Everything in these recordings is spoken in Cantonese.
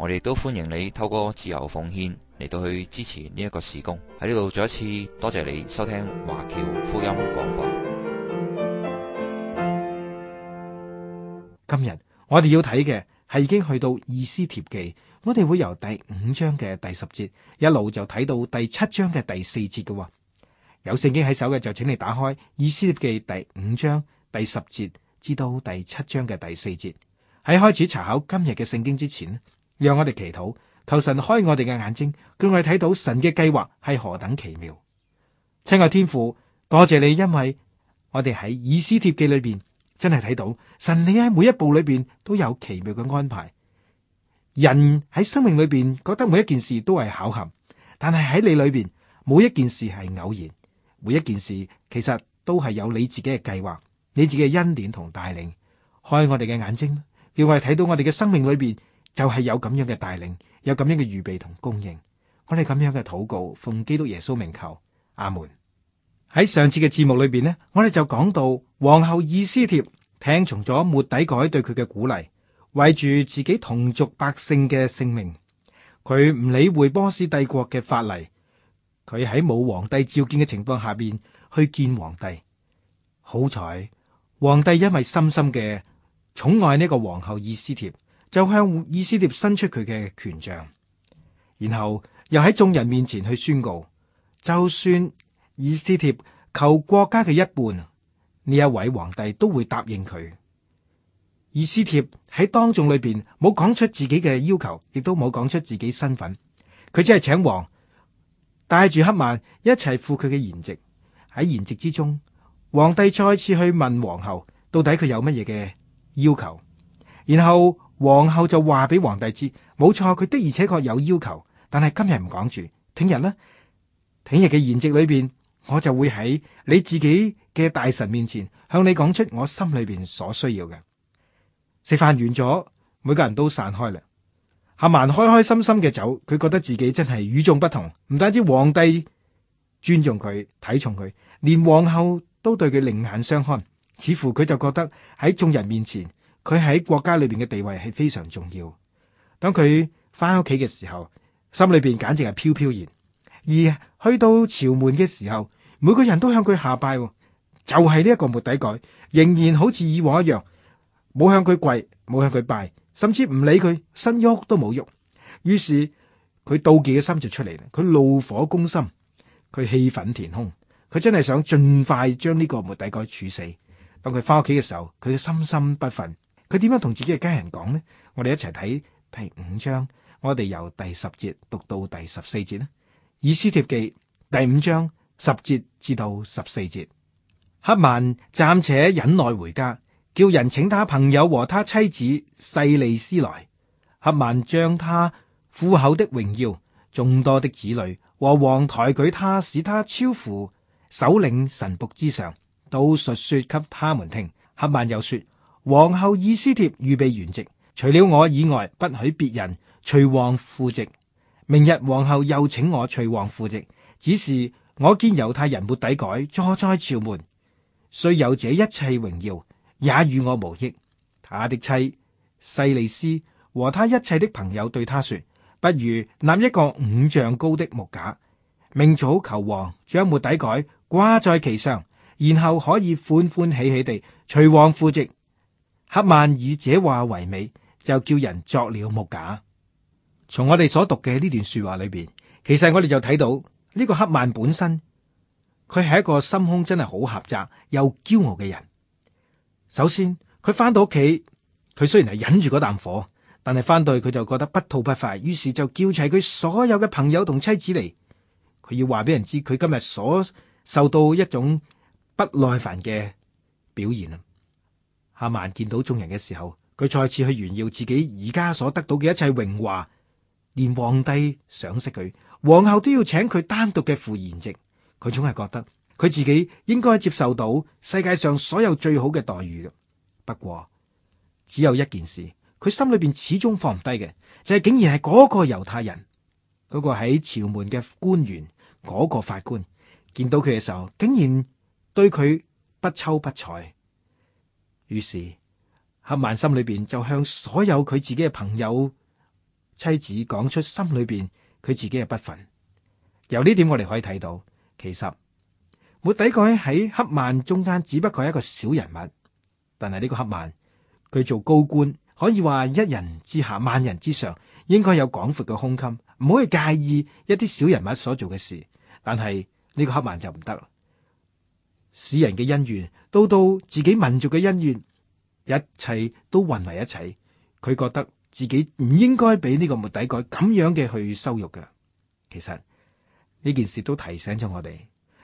我哋都歡迎你透過自由奉獻嚟到去支持呢一個事工喺呢度。再一次多謝你收聽華僑福音廣播。今日我哋要睇嘅係已經去到《以斯帖記》，我哋會由第五章嘅第十節一路就睇到第七章嘅第四節嘅。有聖經喺手嘅就請你打開《以斯帖記》第五章第十節，至到第七章嘅第四節。喺開始查考今日嘅聖經之前讓我哋祈禱，求神開我哋嘅眼睛，叫我哋睇到神嘅計劃係何等奇妙。親愛天父，多謝你，因為我哋喺以斯帖記裏邊真係睇到神。你喺每一步裏邊都有奇妙嘅安排。人喺生命裏邊覺得每一件事都係巧合，但係喺你裏邊每一件事係偶然，每一件事其實都係有你自己嘅計劃，你自己嘅恩典同帶領，開我哋嘅眼睛，叫我哋睇到我哋嘅生命裏邊。就係有咁樣嘅帶領，有咁樣嘅預備同供應，我哋咁樣嘅禱告，奉基督耶穌名求，阿門。喺上次嘅節目裏邊呢，我哋就講到皇后以斯帖聽從咗末底改對佢嘅鼓勵，為住自己同族百姓嘅性命，佢唔理會波斯帝國嘅法例，佢喺冇皇帝召見嘅情況下邊去見皇帝。好彩，皇帝因為深深嘅寵愛呢個皇后以斯帖。就向以斯帖伸出佢嘅權杖，然後又喺眾人面前去宣告：就算以斯帖求國家嘅一半，呢一位皇帝都會答應佢。以斯帖喺當眾裏邊冇講出自己嘅要求，亦都冇講出自己身份，佢只係請王帶住黑曼一齊赴佢嘅筵席，喺筵席之中，皇帝再次去問皇后，到底佢有乜嘢嘅要求，然後，皇后就話俾皇帝知，冇錯，佢的而且確有要求，但係今日唔講住，聽日咧，聽日嘅筵席裏邊，我就會喺你自己嘅大臣面前向你講出我心裏邊所需要嘅。食飯完咗，每個人都散開啦。阿曼開開心心嘅走，佢覺得自己真係與眾不同，唔單止皇帝尊重佢、睇重佢，連皇后都對佢另眼相看，似乎佢就覺得喺眾人面前。佢喺國家裏邊嘅地位係非常重要。當佢翻屋企嘅時候，心裏邊簡直係飄飄然。而去到朝門嘅時候，每個人都向佢下拜，就係呢一個末底改，仍然好似以往一樣，冇向佢跪，冇向佢拜，甚至唔理佢，身喐都冇喐。於是佢妒忌嘅心就出嚟，佢怒火攻心，佢氣憤填胸。佢真係想盡快將呢個末底改處死。當佢翻屋企嘅時候，佢心心不忿。佢點樣同自己嘅家人講呢？我哋一齊睇第五章，我哋由第十節讀到第十四節呢，《以斯帖記》第五章十節至到十四節。哈曼暫且忍耐回家，叫人請他朋友和他妻子細利斯來。哈曼將他富厚的榮耀、眾多的子女和王抬舉他，使他超乎首領臣僕之上，都述說給他們聽。哈曼又說。皇后以斯帖預備筵席，除了我以外，不許別人隨王赴席，明日皇后又請我隨王赴席，只是我見猶太人末底改坐在朝門，雖有這一切榮耀，也與我無益。他的妻細利斯和他一切的朋友對他說：不如立一個五丈高的木架，明早求王將末底改掛在其上，然後可以歡歡喜喜地隨王赴席。黑曼以這話為美，就叫人作了木架。從我哋所讀嘅呢段說話裏邊，其實我哋就睇到呢個黑曼本身，佢係一個心胸真係好狹窄又驕傲嘅人。首先，佢翻到屋企，佢雖然係忍住嗰啖火，但係翻到去佢就覺得不吐不快，於是就叫齊佢所有嘅朋友同妻子嚟，佢要話俾人知佢今日所受到一種不耐煩嘅表現啊！阿曼見到眾人嘅時候，佢再次去炫耀自己而家所得到嘅一切榮華，連皇帝賞識佢，皇后都要請佢單獨嘅赴宴席。佢總係覺得佢自己應該接受到世界上所有最好嘅待遇嘅。不過只有一件事，佢心裏邊始終放唔低嘅，就係，竟然係嗰個猶太人，嗰個喺朝門嘅官員，嗰個法官見到佢嘅時候，竟然對佢不瞅不睬。於是，黑曼心裏邊就向所有佢自己嘅朋友、妻子講出心裏邊佢自己嘅不忿。由呢點我哋可以睇到，其實末底改喺黑曼中間，只不過係一個小人物。但係呢個黑曼，佢做高官，可以話一人之下，萬人之上，應該有廣闊嘅胸襟，唔可以介意一啲小人物所做嘅事。但係呢個黑曼就唔得。私人嘅恩怨，到到自己民族嘅恩怨，一切都混為一齊。佢覺得自己唔應該俾呢個末底改咁樣嘅去羞辱嘅。其實呢件事都提醒咗我哋。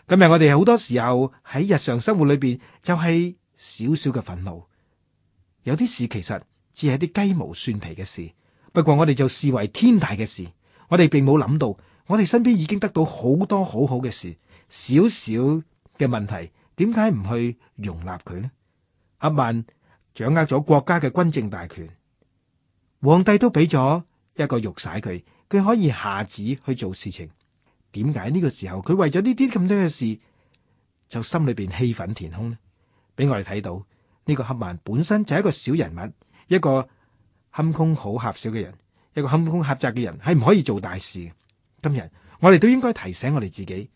今日我哋好多時候喺日常生活裏邊，就係少少嘅憤怒。有啲事其實只係啲雞毛蒜皮嘅事，不過我哋就視為天大嘅事。我哋並冇諗到，我哋身邊已經得到好多好好多好好嘅事，少少。嘅問題點解唔去容納佢呢？阿曼掌握咗國家嘅軍政大權，皇帝都俾咗一個玉璽佢，佢可以下旨去做事情。點解呢個時候佢為咗呢啲咁多嘅事，就心裏邊氣憤填胸呢？俾我哋睇到呢個阿曼本身就係一個小人物，一個堪空好狹小嘅人，一個堪空狹窄嘅人係唔可以做大事嘅。今日我哋都應該提醒我哋自己。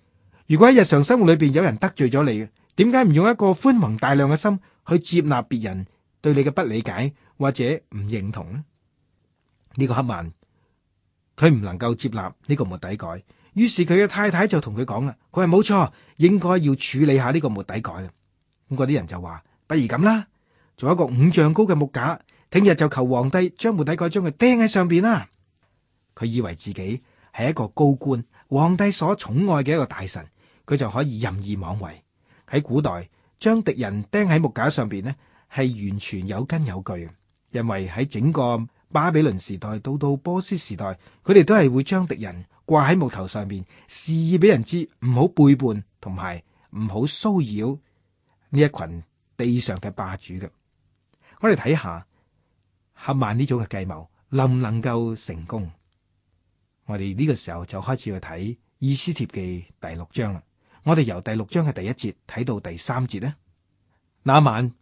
如果喺日常生活裏邊有人得罪咗你，點解唔用一個寬宏大量嘅心去接納別人對你嘅不理解或者唔認同呢？呢個哈曼佢唔能夠接納呢個末底改，於是佢嘅太太就同佢講啦，佢話冇錯，應該要處理下呢個末底改啦。咁嗰啲人就話：不如咁啦，做一個五丈高嘅木架，聽日就求皇帝將末底改將佢釘喺上邊啦。佢以為自己係一個高官，皇帝所寵愛嘅一個大臣。佢就可以任意妄為。喺古代，將敵人釘喺木架上邊呢係完全有根有據。因為喺整個巴比倫時代到到波斯時代，佢哋都係會將敵人掛喺木頭上邊，示意俾人知唔好背叛同埋唔好騷擾呢一群地上嘅霸主嘅。我哋睇下哈曼呢種嘅計謀能唔能夠成功？我哋呢個時候就開始去睇《以斯帖記》第六章啦。我哋由第六章嘅第一節睇到第三節呢，那晚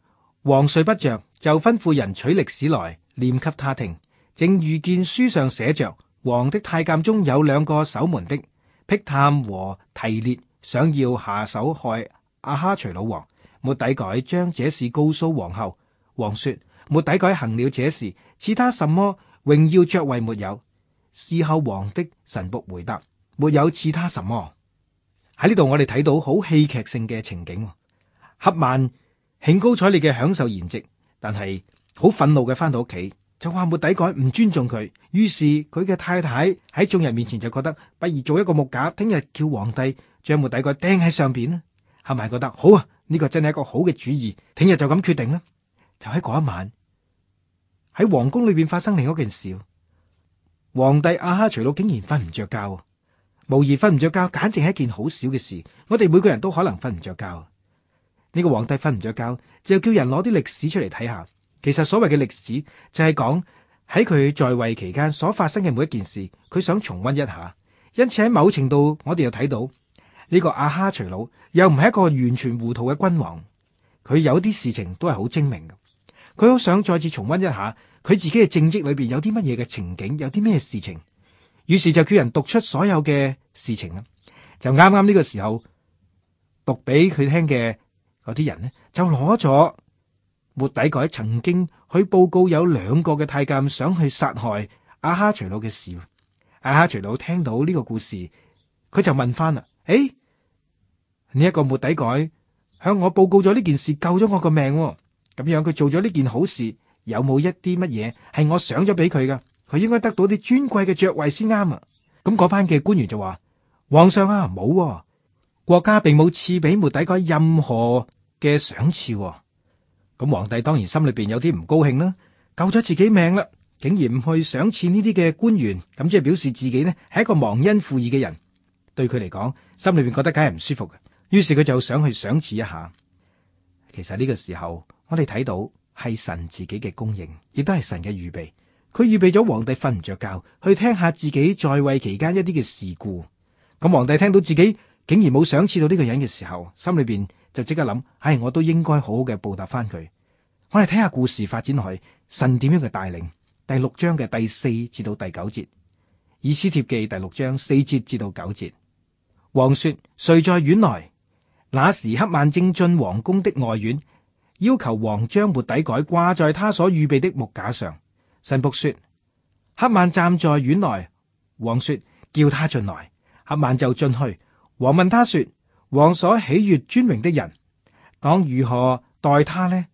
王睡不着，就吩咐人取歷史來念給他聽。正遇見書上寫着，王的太監中有兩個守門的，辟探和提列，想要下手害亞哈隨魯王。末底改將這事告訴皇后。王說：末底改行了這事，賜他什麼榮耀爵位沒有？事後王的臣僕回答：沒有賜他什麼。喺呢度我哋睇到好戲劇性嘅情景，黑曼興高采烈嘅享受筵席，但係好憤怒嘅返到屋企就話末底改唔尊重佢，於是佢嘅太太喺眾人面前就覺得不如做一個木架，聽日叫皇帝將末底改釘喺上邊啦，係咪覺得好啊？呢、這個真係一個好嘅主意，聽日就咁決定啦。就喺嗰一晚，喺皇宮裏邊發生另一件事，皇帝阿、啊、哈隨魯竟然瞓唔着覺。無疑瞓唔着覺，簡直係一件好少嘅事。我哋每個人都可能瞓唔着覺。呢個皇帝瞓唔着覺，就叫人攞啲歷史出嚟睇下。其實所謂嘅歷史，就係講喺佢在位期間所發生嘅每一件事，佢想重溫一下。因此喺某程度，我哋又睇到呢個阿哈徐佬又唔係一個完全糊塗嘅君王，佢有啲事情都係好精明嘅。佢好想再次重溫一下佢自己嘅政績裏邊有啲乜嘢嘅情景，有啲咩事情。於是就叫人讀出所有嘅事情啦，就啱啱呢個時候讀俾佢聽嘅嗰啲人呢，就攞咗末底改曾經佢報告有兩個嘅太監想去殺害亞哈隨魯嘅事，亞哈隨魯聽到呢個故事，佢就問返啦：誒、哎，你、這、一個末底改向我報告咗呢件事，救咗我個命、哦，咁樣佢做咗呢件好事，有冇一啲乜嘢係我想咗俾佢㗎？佢應該得到啲尊貴嘅爵位先啱啊！咁嗰班嘅官員就話：皇上啊，冇、啊、國家並冇賜俾末底改任何嘅賞賜、啊。咁皇帝當然心裏邊有啲唔高興啦，救咗自己命啦，竟然唔去賞賜呢啲嘅官員，咁即係表示自己呢係一個忘恩負義嘅人。對佢嚟講，心裏邊覺得梗係唔舒服嘅。於是佢就想去賞賜一下。其實呢個時候，我哋睇到係神自己嘅供應，亦都係神嘅預備。佢預備咗皇帝瞓唔着覺，去聽下自己在位期間一啲嘅事故。咁皇帝聽到自己竟然冇賞賜到呢個人嘅時候，心裏邊就即刻諗：，唉、哎，我都應該好好嘅報答翻佢。我哋睇下故事發展去神點樣嘅帶領。第六章嘅第四至到第九節，以斯帖記第六章四節至到九節。王說：誰在院內？那時黑曼正進皇宮的外院，要求王將末底改掛在他所預備的木架上。神僕說：黑曼站在院內，王說叫他進來，黑曼就進去。王問他說：王所喜悅尊榮的人，當如何待他呢？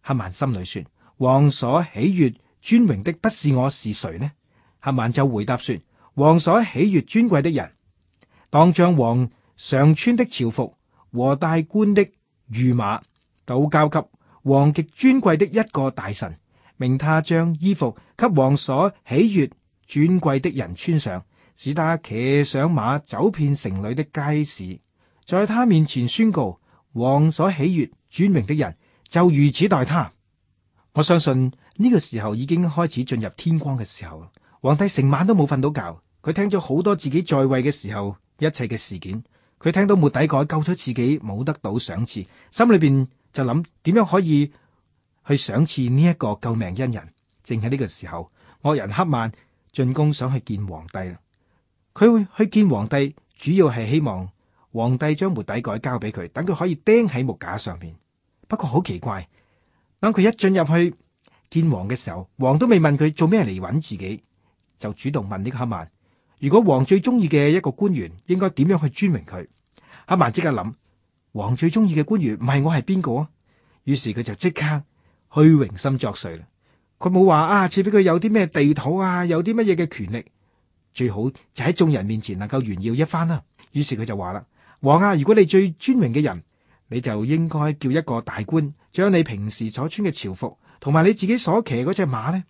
黑曼心裏說：王所喜悅尊榮的不是我是誰呢？黑曼就回答說：王所喜悅尊貴的人，當將王上穿的朝服和大官的御馬都交給王極尊貴的一個大臣。命他將衣服給王所喜悅尊貴的人穿上，使他騎上馬走遍城裏的街市，在他面前宣告：王所喜悅尊榮的人就如此待他。我相信呢、這個時候已經開始進入天光嘅時候，皇帝成晚都冇瞓到覺。佢聽咗好多自己在位嘅時候一切嘅事件，佢聽到末底改救出自己冇得到賞賜，心裏邊就諗點樣可以。去賞賜呢一個救命恩人。正喺呢個時候，惡人黑曼進宮想去見皇帝啦。佢會去見皇帝，主要係希望皇帝將末底改交俾佢，等佢可以釘喺木架上面。不過好奇怪，等佢一進入去見王嘅時候，王都未問佢做咩嚟揾自己，就主動問呢個黑曼，如果王最中意嘅一個官員，應該點樣去尊榮佢？黑曼即刻諗，王最中意嘅官員唔係我，係邊個啊？於是佢就即刻。虛榮心作祟啦，佢冇話啊，賜俾佢有啲咩地土啊，有啲乜嘢嘅權力，最好就喺眾人面前能夠炫耀一番啦、啊。於是佢就話啦：王啊，如果你最尊榮嘅人，你就應該叫一個大官，將你平時所穿嘅朝服同埋你自己所騎嗰隻馬咧，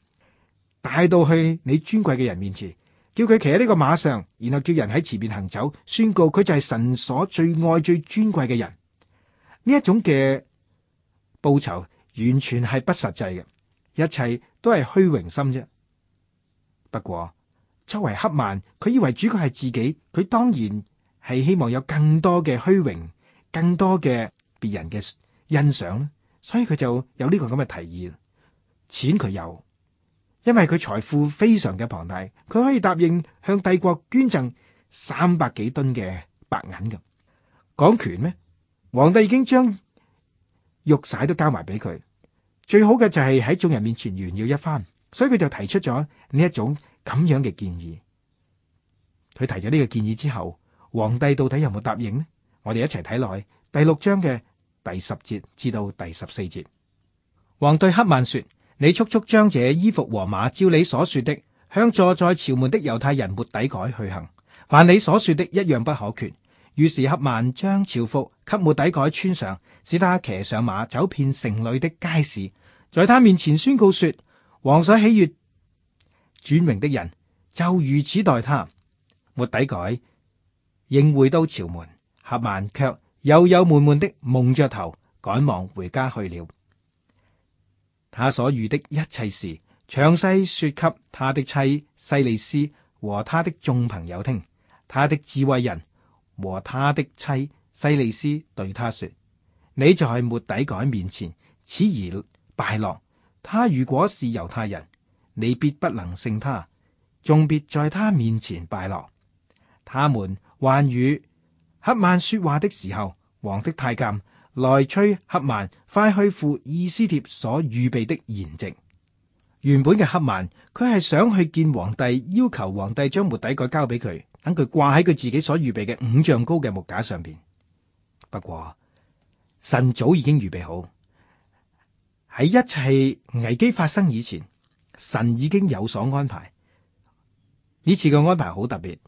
帶到去你尊貴嘅人面前，叫佢騎喺呢個馬上，然後叫人喺前面行走，宣告佢就係神所最愛最尊貴嘅人。呢一種嘅報酬。完全係不實際嘅，一切都係虛榮心啫。不過，作為黑曼，佢以為主角係自己，佢當然係希望有更多嘅虛榮，更多嘅別人嘅欣賞，所以佢就有呢個咁嘅提議啦。錢佢有，因為佢財富非常嘅龐大，佢可以答應向帝國捐贈三百幾噸嘅白銀嘅。講權咩？皇帝已經將玉璽都交埋俾佢。最好嘅就係喺眾人面前炫耀一番，所以佢就提出咗呢一種咁樣嘅建議。佢提咗呢個建議之後，皇帝到底有冇答應呢？我哋一齊睇落去第六章嘅第十節至到第十四節。皇帝對哈曼說：你速速將這衣服和馬，照你所說的，向坐在朝門的猶太人末底改去行，凡你所說的一樣不可缺。於是，哈曼將朝服給末底改穿上，使他騎上馬，走遍城裏的街市，在他面前宣告說：王所喜悅、尊榮的人，就如此待他。末底改仍回到朝門，哈曼卻憂憂悶悶的，蒙着頭趕忙回家去了。他所遇的一切事，詳細說給他的妻細利斯和他的眾朋友聽，他的智慧人。和他的妻西利斯對他說：你在末底改面前，此而敗落。他如果是猶太人，你必不能勝他，終必在他面前敗落。他們還與黑曼說話的時候，王的太監來催黑曼快去赴以斯帖所預備的筵席。原本嘅黑曼，佢係想去見皇帝，要求皇帝將末底改交俾佢。等佢掛喺佢自己所預備嘅五丈高嘅木架上邊。不過神早已經預備好，喺一切危機發生以前，神已經有所安排。呢次嘅安排好特別，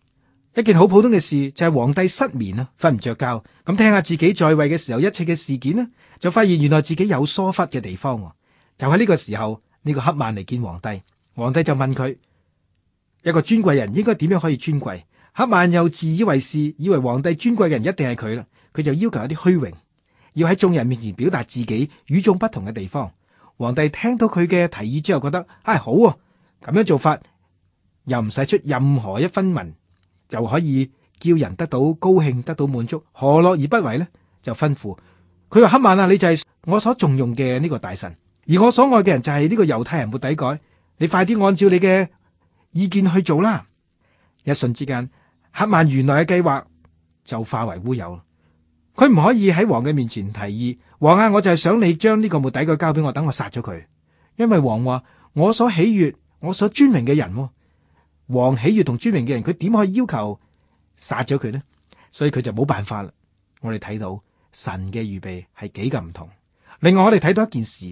一件好普通嘅事就係皇帝失眠啦，瞓唔着覺，咁聽下自己在位嘅時候一切嘅事件呢，就發現原來自己有疏忽嘅地方。就喺呢個時候，呢個黑曼嚟見皇帝，皇帝就問佢：一個尊貴人應該點樣可以尊貴？黑曼又自以為是，以為皇帝尊貴嘅人一定係佢啦，佢就要求一啲虛榮，要喺眾人面前表達自己與眾不同嘅地方。皇帝聽到佢嘅提議之後，覺得唉、哎、好啊，咁樣做法又唔使出任何一分文，就可以叫人得到高興，得到滿足，何樂而不為呢？就吩咐佢話：哈曼啊，你就係我所重用嘅呢個大臣，而我所愛嘅人就係呢個猶太人，末底改，你快啲按照你嘅意見去做啦！一瞬之間。哈曼原來嘅計劃就化為烏有，佢唔可以喺王嘅面前提議，王啊，我就係想你將呢個末底改交俾我，等我殺咗佢。因為王話我所喜悅、我所尊榮嘅人、哦，王喜悅同尊榮嘅人，佢點可以要求殺咗佢呢？所以佢就冇辦法啦。我哋睇到神嘅預備係幾咁唔同。另外我哋睇到一件事，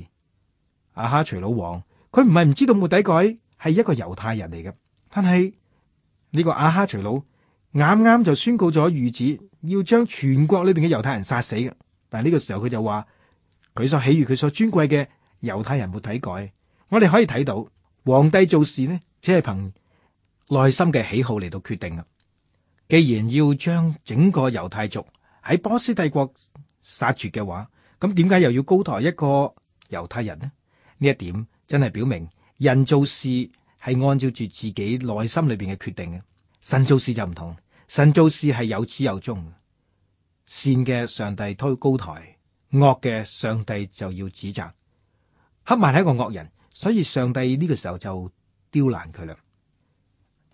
亞哈隨魯王，佢唔係唔知道末底改係一個猶太人嚟嘅，但係呢、這個亞哈隨魯。啱啱就宣告咗御旨，要將全國裏邊嘅猶太人殺死嘅。但係呢個時候佢就話，佢所喜悅佢所尊貴嘅猶太人冇睇改。我哋可以睇到，皇帝做事呢，只係憑內心嘅喜好嚟到決定嘅。既然要將整個猶太族喺波斯帝國殺絕嘅話，咁點解又要高抬一個猶太人呢？呢一點真係表明，人做事係按照住自己內心裏邊嘅決定嘅。神做事就唔同，神做事係有始有終。善嘅上帝推高台，惡嘅上帝就要指責。黑曼係一個惡人，所以上帝呢個時候就刁難佢啦，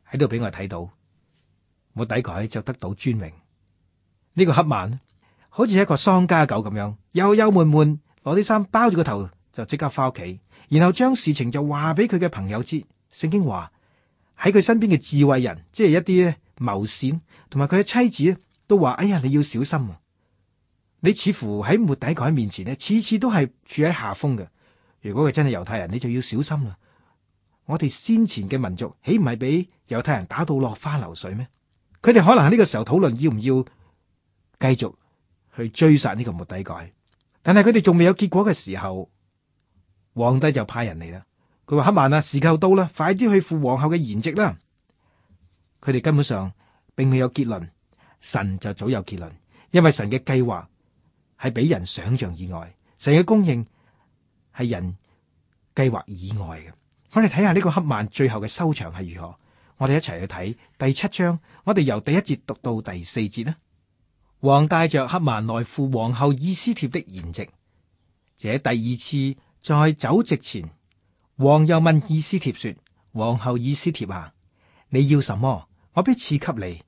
喺度俾我哋睇到，冇抵改就得到尊榮。呢、這個黑曼好似一個喪家狗咁樣，憂憂悶悶，攞啲衫包住個頭就即刻翻屋企，然後將事情就話俾佢嘅朋友知。聖經話。喺佢身邊嘅智慧人，即係一啲謀善，同埋佢嘅妻子咧，都話：哎呀，你要小心！你似乎喺末底改面前咧，次次都係處喺下風嘅。如果佢真係猶太人，你就要小心啦。我哋先前嘅民族，豈唔係俾猶太人打到落花流水咩？佢哋可能喺呢個時候討論要唔要繼續去追殺呢個末底改，但係佢哋仲未有結果嘅時候，皇帝就派人嚟啦。佢話黑曼啊，時候到啦，快啲去赴皇后嘅筵席啦。佢哋根本上並未有結論，神就早有結論，因為神嘅計劃係俾人想象以外，神嘅供應係人計劃以外嘅。我哋睇下呢個黑曼最後嘅收場係如何。我哋一齊去睇第七章，我哋由第一節讀到第四節呢。王帶着黑曼來赴皇后以斯帖的筵席，這第二次在酒席前。王又問以斯帖說：皇后以斯帖啊，你要什麼，我必賜給你；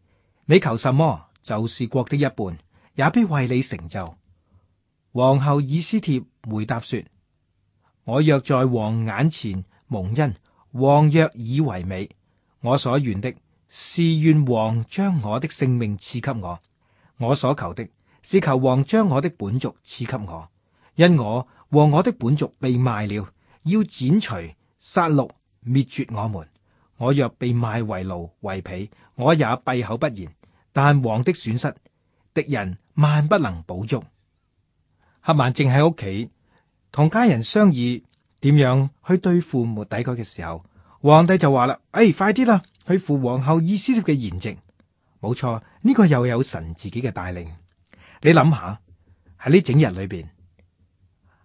你求什麼，就是國的一半，也必為你成就。皇后以斯帖回答說：我若在王眼前蒙恩，王若以為美，我所願的是願王將我的性命賜給我；我所求的是求王將我的本族賜給我，因我和我的本族被賣了。要剪除殺戮滅絕我們，我若被賣為奴為婢，我也閉口不言。但王的損失，敵人萬不能補足。黑曼正喺屋企同家人商議點樣去對付末底改嘅時候，皇帝就話啦：，哎，快啲啦，去赴皇后以斯帖嘅筵席。冇錯，呢、這個又有神自己嘅帶領。你諗下，喺呢整日裏邊，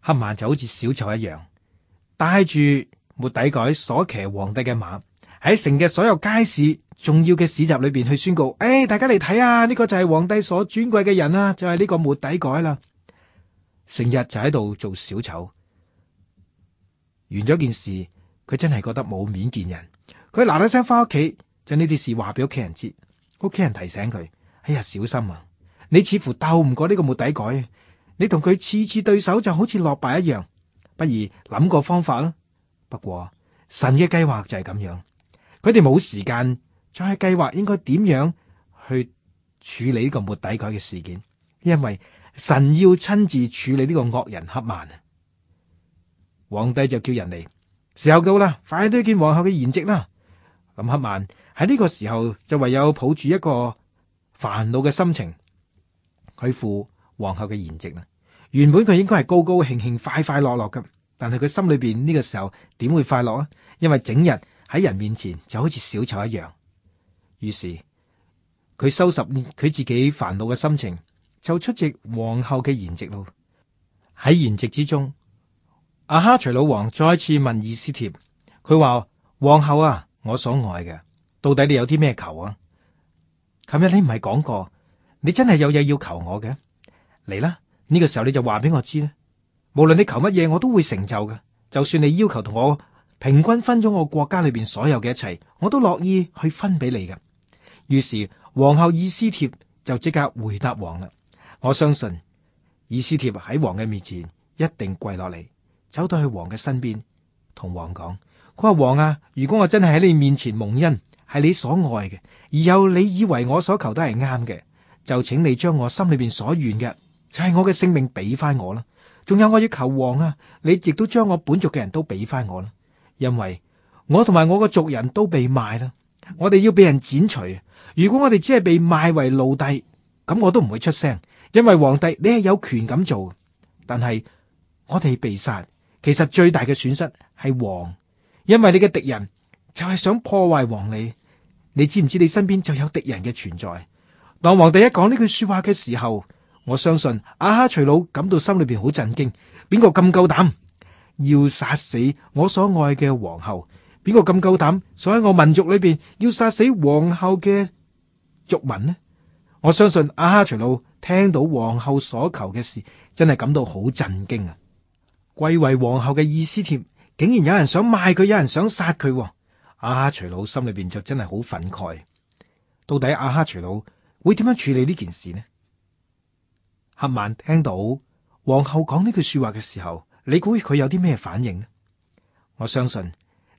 黑曼就好似小丑一樣。帶住末底改所騎皇帝嘅馬，喺城嘅所有街市、重要嘅市集裏邊去宣告：，誒、哎，大家嚟睇下，呢、這個就係皇帝所尊貴嘅人啦，就係、是、呢個末底改啦。成日就喺度做小丑。完咗件事，佢真係覺得冇面見人。佢嗱嗱聲返屋企，將呢啲事話俾屋企人知。屋企人提醒佢：，哎呀，小心啊！你似乎鬥唔過呢個末底改，你同佢次次對手就好似落敗一樣。不如諗個方法啦。不過神嘅計劃就係咁樣，佢哋冇時間再計劃應該點樣去處理呢個末底改嘅事件，因為神要親自處理呢個惡人黑曼啊。皇帝就叫人嚟，時候到啦，快啲去見皇后嘅筵席啦。林黑曼喺呢個時候就唯有抱住一個煩惱嘅心情去赴皇后嘅筵席啦。原本佢應該係高高興興、快快樂樂嘅，但係佢心裏邊呢個時候點會快樂啊？因為整日喺人面前就好似小丑一樣。於是佢收拾佢自己煩惱嘅心情，就出席皇后嘅筵席咯。喺筵席之中，阿、啊、哈隨魯王再次問以斯帖，佢話，皇后啊，我所愛嘅，到底你有啲咩求啊？琴日你唔係講過，你真係有嘢要求我嘅嚟啦。呢個時候你就話俾我知咧，無論你求乜嘢，我都會成就嘅。就算你要求同我平均分咗我國家裏邊所有嘅一切，我都樂意去分俾你嘅。於是皇后以斯帖就即刻回答王啦。我相信以斯帖喺王嘅面前一定跪落嚟，走到去王嘅身邊，同王講佢話：王啊，如果我真係喺你面前蒙恩，係你所愛嘅，而有你以為我所求都係啱嘅，就請你將我心裏邊所願嘅，就係我嘅性命，俾翻我啦。仲有我要求王啊，你亦都將我本族嘅人都俾翻我啦。因為我同埋我個族人都被賣啦，我哋要俾人剪除。如果我哋只係被賣為奴隸，咁我都唔會出聲。因為皇帝你係有權咁做，但係我哋被殺，其實最大嘅損失係王，因為你嘅敵人就係想破壞王你。你知唔知你身邊就有敵人嘅存在？當皇帝一講呢句說話嘅時候。我相信亞哈隨魯感到心裏邊好震驚，邊個咁夠膽要殺死我所愛嘅皇后？邊個咁夠膽想喺我民族裏邊要殺死皇后嘅族民呢？我相信亞哈隨魯聽到皇后所求嘅事，真係感到好震驚啊！貴為皇后嘅以斯帖，竟然有人想賣佢，有人想殺佢，亞哈隨魯心裏邊就真係好憤慨。到底亞哈隨魯會點樣處理呢件事呢？黑曼聽到皇后講呢句說話嘅時候，你估佢有啲咩反應呢？我相信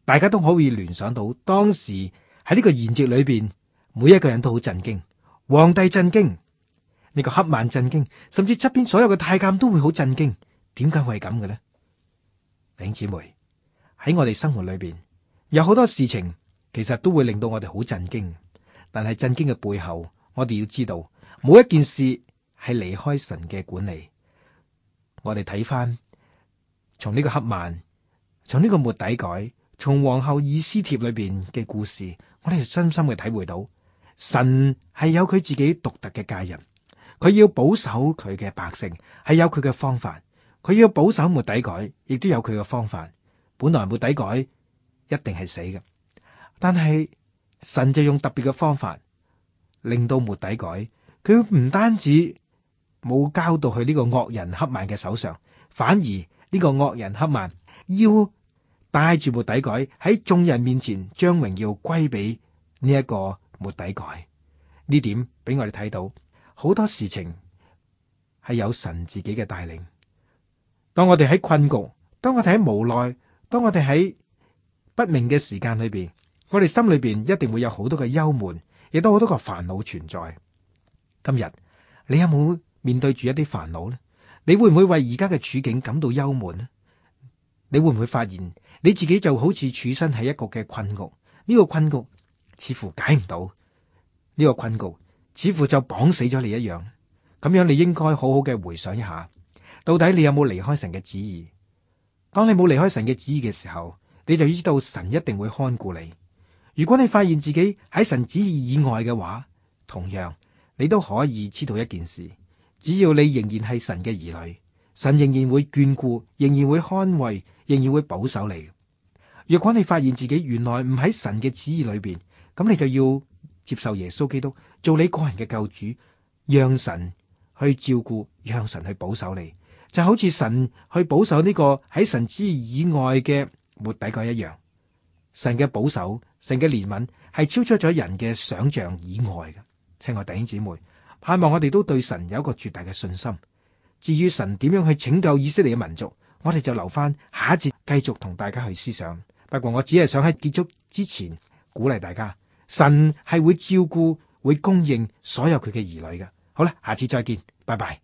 大家都可以聯想到，當時喺呢個筵席裏邊，每一個人都好震驚，皇帝震驚，呢、這個黑曼震驚，甚至側邊所有嘅太監都會好震驚。點解會係咁嘅呢？弟兄姐妹，喺我哋生活裏邊，有好多事情其實都會令到我哋好震驚，但係震驚嘅背後，我哋要知道每一件事，係離開神嘅管理，我哋睇翻從呢個哈曼，從呢個末底改，從皇后以斯帖裏邊嘅故事，我哋就深深嘅體會到，神係有佢自己獨特嘅介入，佢要保守佢嘅百姓，係有佢嘅方法，佢要保守末底改，亦都有佢嘅方法。本來末底改一定係死嘅，但係神就用特別嘅方法，令到末底改，佢唔單止。冇交到去呢個惡人黑曼嘅手上，反而呢個惡人黑曼要帶住末底改喺眾人面前將榮耀歸俾呢一個末底改。呢點俾我哋睇到好多事情係有神自己嘅帶領。當我哋喺困局，當我哋喺無奈，當我哋喺不明嘅時間裏邊，我哋心裏邊一定會有好多嘅憂悶，亦都好多嘅煩惱存在。今日你有冇？面對住一啲煩惱咧，你會唔會為而家嘅處境感到憂悶咧？你會唔會發現你自己就好似處身喺一個嘅困局？呢個困局似乎解唔到，呢個困局似乎就綁死咗你一樣。咁樣你應該好好嘅回想一下，到底你有冇離開神嘅旨意？當你冇離開神嘅旨意嘅時候，你就知道神一定會看顧你。如果你發現自己喺神旨意以外嘅話，同樣你都可以知道一件事。只要你仍然係神嘅兒女，神仍然會眷顧，仍然會捍衛，仍然會保守你。如果你發現自己原來唔喺神嘅旨意裏邊，咁你就要接受耶穌基督做你個人嘅救主，讓神去照顧，讓神去保守你。就好似神去保守呢個喺神旨意以外嘅末底改一樣，神嘅保守，神嘅憐憫係超出咗人嘅想象以外嘅。親愛弟兄姊妹。盼望我哋都對神有一個絕大嘅信心。至於神點樣去拯救以色列嘅民族，我哋就留翻下下一節繼續同大家去思想。不過我只係想喺結束之前鼓勵大家，神係會照顧、會供應所有佢嘅兒女嘅。好啦，下次再見，拜拜。